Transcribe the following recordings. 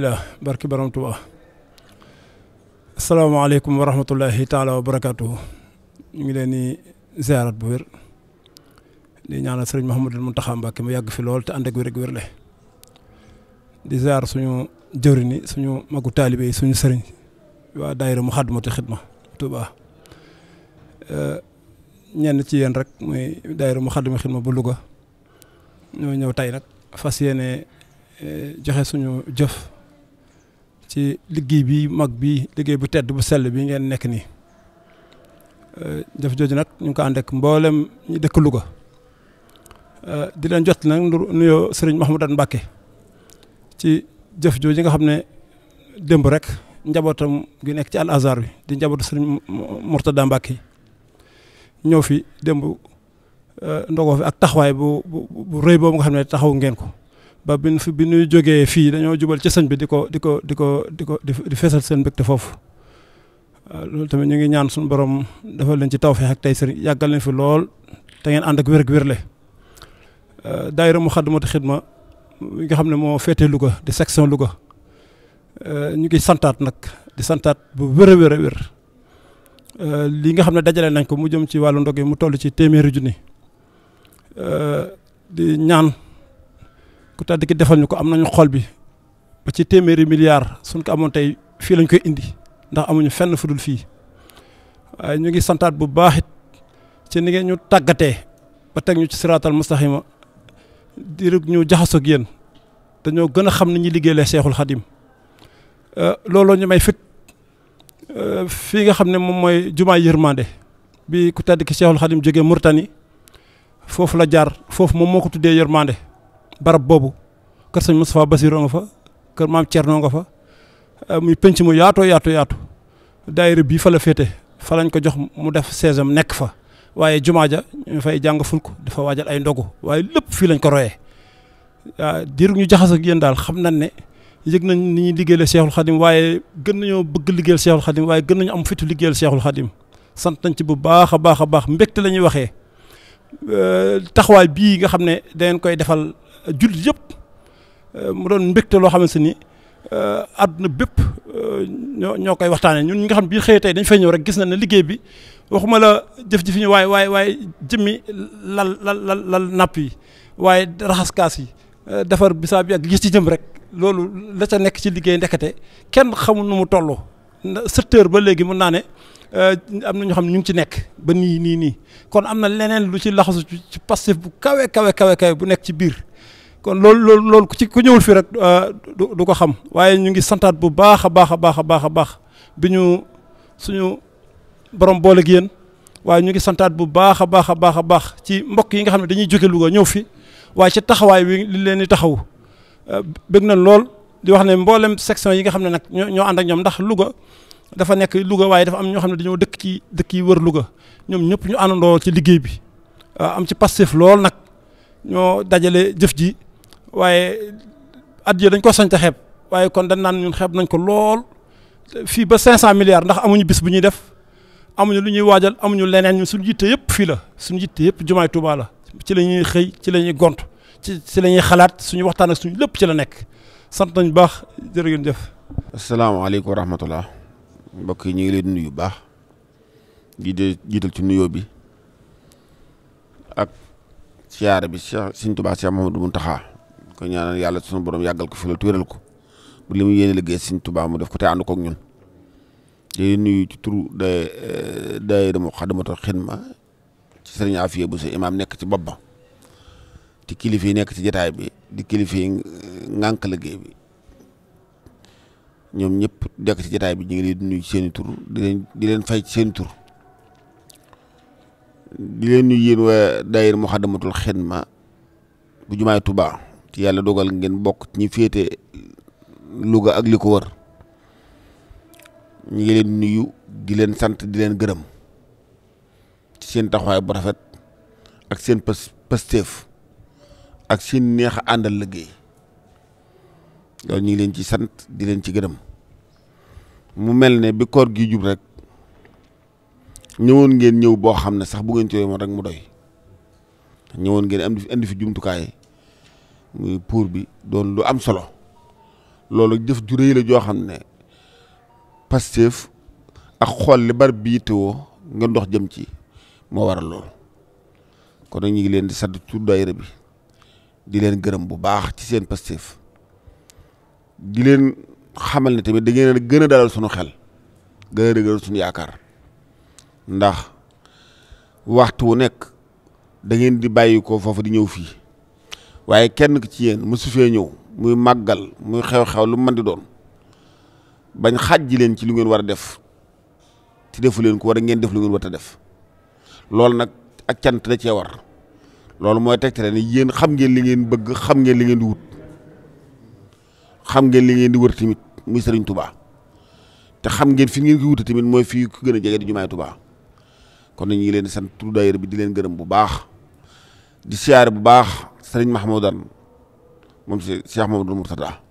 bisimilah barki borom Tuubaa asalaamaaleykum wa rahmatullahi taala wa barakaatuhu ñu ngi leen di ziarat bu wér di ñaanal sëriñ Mouhamadul Mountakha Mbacké mu yàgg fi lool te ànd ak wér wér le di ziar suñu jëwriñi suñu magu taalibe sëriñ waa daayira mu xaddumati ñenn ci yéen rek muy daayira bu Louga ñoo ñëw tey nag fas yéene joxe suñu jëf ci liggéey bi mag bi liggéey bu tedd bu sell bi ngeen nekk nii eh, jëf jooju nag ñu ngi ko ànd ak mboolem ñu dëkk Louga eh, di leen jot nag nuyoo sëriñ Mahmoudane Mbacke ci jëf jooju nga xam ne démb rek njabootam ngi nekk ci Al Azhar bi di njabootu sëriñ Mourtada Mbacke ñëw fi démb eh, ndogoo fi ak taxawaay bu bu bu rëy boobu nga xam ne taxaw ngeen ko. ba bin fi bi nu jógee fii dañoo jubal ci sëñ bi di ko di ko di ko di ko di fesal seen mbégte foofu loolu tamit ñu ngi ñaan suñu borom defal leen ci tawfeex ak tey sëriñ yàggal nañ fi lool te ngeen ànd ak wér wérle daayira mu xaddumatu xidma mi nga xam ne moo féetee Louga di section Louga ñu ngi santaat nag di santaat bu wér a wér a wér li nga xam ne dajale nañ ko mu jëm ci wàllu ndog mu toll ci téeméeri junni di ñaan. ku tedd ki defal ñu ko am nañu xol bi ba ci téeméeri milliards suñ ko amoon tey fii lañ koy indi ndax amuñu fenn fudul fii waaye ñu ngi santaat bu baax it ci ni ngeen ñu tàggatee ba teg ñu ci siraatal mustaxima di rek ñu jaxasoo ak yéen dañoo gën a xam ni ñuy liggéeyee Seexul Xadim euh, looloo ñu may fit euh, fii nga xam ne moom mooy jumaa yërmande bii ku tedd ki Seexul Xadim jógee Murtani foofu la jaar foofu moom moo ko tuddee yërmande barab boobu kër sëñ Moustapha Bassiroo nga fa kër maam Thierno nga fa eh, muy penc mu yaatoo yaatu yaatu daayira bii fa la féete fa lañ ko jox mu def saison nekk fa waaye jumaa ja ñu fay jàng fulku dafa waajal ay ndogu waaye lépp fii lañ ko royee waaw diiru ñu jaxas ak yéen daal xam nañ ne yëg nañ ni ñuy liggéeyal Seexul Xadim waaye gën nañoo bëgg liggéeyal Seexul Xadim waaye gën nañu am fitu liggéeyal Seexul Xadim sant nañ ci bu baax a baax a baax mbégte la ñuy waxee eh, taxawaay bii nga xam ne dangeen jullit yëpp euh, mu doon mbégte loo xamante ni euh, àdduna bépp euh, ñoo ñoo koy waxtaanee ñun ñi nga xam bii xëy tey dañ fay ñëw rek gis na ne liggéey bi waxuma la jëf ji fi ñu waaye waaye jëmmi lal lal lal lal napp yi waaye raxas kaas yi defar bisaab bi ak gis ci jëm rek loolu la ca nekk ci liggéey ndekete kenn xamul nu mu toll secteur ba léegi mun naa ne am na ñoo xam ne ñu ngi ci nekk ba nii nii nii kon am na leneen lu ci laxasu ci passif bu kawe kawe kawe kawe bu nekk ci biir kon loolu loolu loolu ku ci ku ñëwul fii rek euh, du ko xam waaye ñu ngi santaat bu baax a baax a baax a baax a baax bi ñu suñu borom boole ak yéen waaye ñu ngi santaat bu baax a baax a baax a baax ci mbokk yi nga xam ne dañuy jóge ñëw fi waaye ci taxawaay bi li leen di taxaw euh, bëgg na lool di wax ne mboolem section yi nga xam ne nag ñoo ànd ak ñoom ndax luga dafa nekk Louga waaye dafa am ñoo xam ne dañoo dëkk ci dëkk yi wër Louga ñoom ñëpp ñu àndandoo ci liggéey bi euh, am ci passif lool nag ñoo dajale jëf ji waaye addiya dañ ko sañ te xeeb waaye kon dañ naan ñun xeeb nañ ko lool fii ba 500 milliards ndax amuñu bis bu ñuy def amuñu lu ñuy waajal amuñu leneen ñun suñu yitte yëpp fii la suñu yitte yëpp jumaay Tuubaa la ci la ñuy xëy ci la ñuy gont ci ci la ñuy xalaat suñu waxtaan ak lépp ci la nekk sant nañ baax jërë ngeen jëf. asalaamaaleykum wa rahmatullah mbokk yi ñu ngi leen di yu baax di de jiital ci nuyoo bi ak siyaare bi Cheikh Sëñ Tuubaa Cheikh Mouhamadou Mountakha ko ñaanal yàlla sunu borom yàggal ko fi la tuural ko bu li mu yéene liggéey Sëriñ Tuubaa mu def ko te ànd kook ñun di nuyu ci turu day eh, daayira Muxaddamatul Xidma ci sëriñ Afiya bu sa imaam nekk ci bopp ba ci kilifa yi nekk ci jataay bi di kilifa yi ngànk liggéey bi ñoom ñëpp dekk ci jataay bi ñu ngi leen di nuyu ci seeni tur di leen di leen fay ci seeni tur di leen nuyu yéen bu jumaay Tuubaa ci yàlla dogal ngeen bokk ñi féete Louga ak li ko wër ñu ngi leen nuyu di leen sant di leen gërëm ci seen taxawaay bu rafet ak seen pës pësteef ak seen neex a àndal liggéey loolu ñu ngi leen ci sant di leen ci gërëm mu mel ne bi koor gi jub rek ñëwoon ngeen ñëw boo xam ne sax bu ngeen ci woon rek mu doy ñëwoon ngeen am di fi indi fi jumtukaay muy pour bi doon lu am solo loolu jëf ju la joo xam ne Pastef ak xool li bar bii teewoo nga ndox jëm ci moo waral loolu kon nag ñu ngi leen di sant ci daayira bi di leen gërëm bu baax ci seen Pastef di leen xamal ne tamit da ngeen a gën sunu xel gën a dëgëral sunu yaakaar ndax waxtu wu nekk da ngeen di bàyyi ko foofu di ñëw fii. waaye kenn ku ci yéen mosu fee ñëw muy màggal muy xew-xew lu mën di doon bañ xàjji leen ci lu ngeen war a def te defu leen ko war a ngeen def lu ngeen war a def loolu nag ak cant da cee war loolu mooy tegtale ne yéen xam ngeen li ngeen bëgg xam ngeen li ngeen di wut xam ngeen li ngeen di wër tamit muy Serigne tubaa te xam ngeen fi ngeen ko wute tamit mooy fii ku gën a jege di jumaay tubaa kon nag ñu ngi leen di sant turu daayira bi di leen gërëm bu baax di siyaare bu baax. sëriñ Mahmoudan moom si Cheikh Mahmoudou Mourtada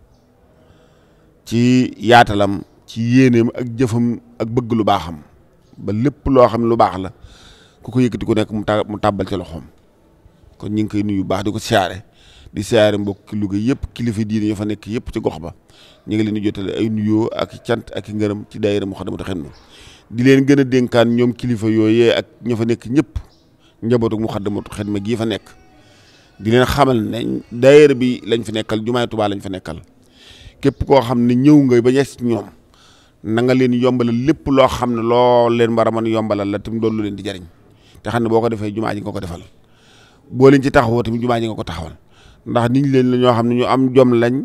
ci yaatalam ci yéeneem ak jëfam ak bëgg lu baaxam ba lépp loo xam ne lu baax la ku ko yëkkati ku nekk mu ta mu tàbbal loxoom kon ñu ngi koy nuyu baax di ko siyaare di siyaare mbokk Louga yëpp kilifa diine yoo fa nekk yëpp ci gox ba ñu ngi leen di jotale ay nuyoo ak cant ak ngërëm ci daayira Moukhaddamatoul Khidma di leen gën a dénkaan ñoom kilifa yooyee ak ña fa nekk ñëpp njabootu Moukhaddamatoul Khidma gii fa nekk di xamal ne daayira bi lañ fi nekkal jumaay Tuubaa lañ fa nekkal képp koo xam ne ñëw nga ba yes ñoom nanga nga leen yombalal lépp loo xam ne loo leen war a mën yombalal la tam doon lu leen di jariñ te xam ne boo ko defee jumaa ji nga ko defal boo leen ci taxawoo tamit jumaa ji nga ko taxawal ndax nit leen la ñoo xam ne ñu am jom lañ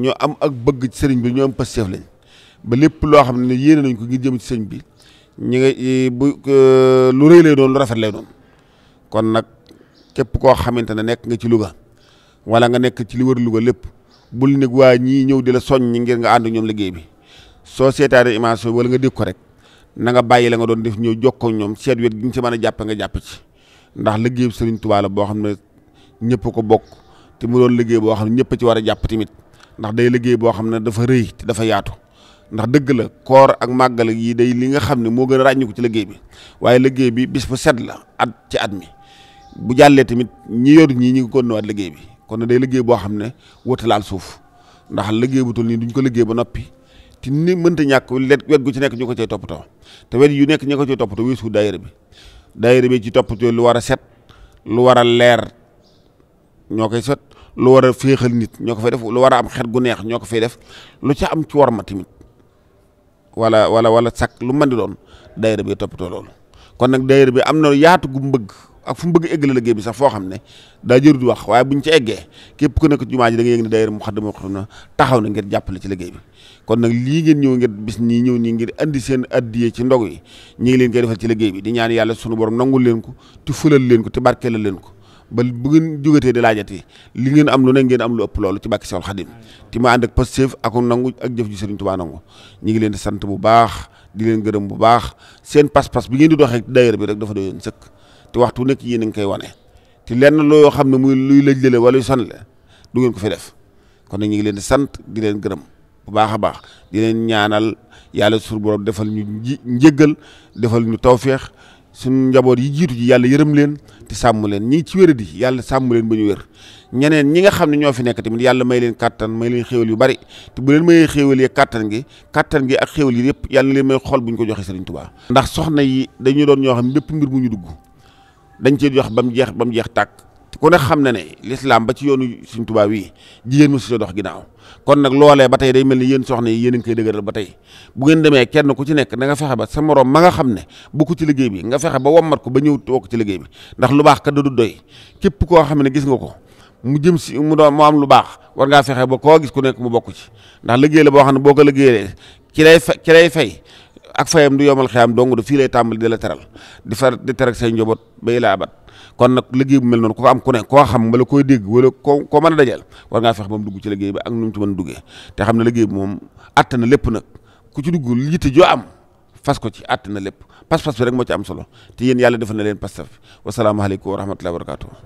ñu am ak bëgg sëriñ bi ñu am pësteef lañ ba lépp loo xam ne yéene nañ ko ngir jëm ci sëriñ bi ñu ngi bu lu rëy lay doon lu rafet lay doon nag. cépp koo xamante ne nekk nga ci Louga wala nga nekk ci li wër Louga lépp bul neg waa ñii ñëw di la soññ ngir nga ànd ñoom liggéey bi soo seetaanee image wala nga dégg ko rek na nga bàyyi la nga doon def ñëw jokkoo ñoom seet wet gi nga ci mën a jàpp nga jàpp ci ndax liggéey bi Serigne Touba boo xam ne ñëpp ko bokk te mu doon liggéey boo xam ne ñëpp ci war a jàpp tamit ndax day liggéey boo xam ne dafa rëy te dafa yaatu ndax dëgg la koor ak màggal yi day li nga xam ne moo gën a ràññiku ci liggéey bi waaye liggéey bi bis bu set la at ci at mi bu jàllee tamit ñi yoru ñii ñi ngi continuwaat liggéey bi kon na day liggéey boo xam ne wóote laal suuf ndax liggéey bu tul nii duñ ko liggéey ba noppi te ni mënta ñàkk let wet gu ci nekk ñu ko cay toppatoo te wet yu nekk ñu ko cay toppatoo weesu daayira bi daayira bi ci toppatoo lu war a set lu war a leer ñoo koy set lu war a féexal nit ñoo ko fay def lu war a am xet gu neex ñoo ko fay def lu ca am ci war ma tamit wala wala wala sakk lu mën di doon daayira bi toppatoo loolu kon nag daayira bi am na yaatu gu mu bëgg ak fu mu bëgg eggale liggéey bi sax foo xam ne daa jëru wax waaye bu ci eggee képp ku nekk jumaa ji da nga yëg taxaw na ngir jàppale ci liggéey bi kon nag lii ngeen ñëw ngir bis ñii ñëw ngir andi seen addiye ci ndog yi ñi ngi leen koy defal ci liggéey bi di ñaan yàlla sunu borom nangul leen ko te fulal leen ko te barkeelal leen ko ba bu ngeen jógatee di laajati li ngeen am lu ne ngeen am lu ëpp loolu ci bàkki Seexul Xadim te ma ànd ak Pastef ak nangu ak jëf ju Sëriñ Tuubaa nangu ñi ngi leen di sant bu baax di leen gërëm bu baax seen pas-pas bi ngeen di doxee daayira bi rek dafa doyoon sëkk te waxtu nekk yéen a ngi koy wane te lenn loo xam ne muy luy lëjlële wala yu sanle du ngeen ko fi def kon nag ñu ngi leen di sant di leen gërëm bu baax a baax di leen ñaanal yàlla sur borom defal ñu njëggal defal ñu tawféex suñu njaboot yi jiitu ji yàlla yërëm leen te sàmm leen ñii ci wéradi yàlla sàmm leen ba ñu wér ñeneen ñi nga xam ne ñoo fi nekk tamit yàlla may leen kàttan may leen xéewal yu bari te bu leen mayee xéewal yi kàttan gi kàttan gi ak xéewal yi yëpp yàlla leen may xol bu ñu ko joxe Sëriñ tubaa ndax soxna yi dañu doon ñoo xam bépp mbir bu ñu dugg dañ cee jox ba mu jeex ba mu jeex tàkk ku ne xam na ne lislaam ba ci yoonu suñ tubaab wi jigéen mu si dox ginnaaw kon nag loolee ba tey day mel ni yéen soxna yi yéen a ngi koy dëgëral ba tey bu ngeen demee kenn ku ci nekk na nga fexe ba sa morom ma nga xam ne bu ko liggéey bi nga fexe ba wommat ko ba ñëw toog ci liggéey bi ndax lu baax kat du doy képp koo xam ne gis nga ko mu jëm si mu doon mu am lu baax war ngaa fexe ba koo gis ku nekk mu bokk ci ndax liggéey la boo xam ne boo ko liggéeyee ki lay fa ki lay fay ak fayam du yomal xiyam dong du fii lay tàmbali di la teral di far di terak say njaboot bay la abat kon nag liggéey bu mel noonu ku ko am ku ne koo xam wala koy dégg wala koo koo mën a dajal war ngaa fex ba dugg ci liggéey bi ak nu mu ci mën duggee te xam ne liggéey bi moom attana lépp nag ku ci dugg yitte joo am fas ko ci àtt na lépp pas-pas bi rek moo ci am solo te yéen yàlla defal na leen pas-pas wasalaamaaleykum wa rahmatullahi wa barakatuh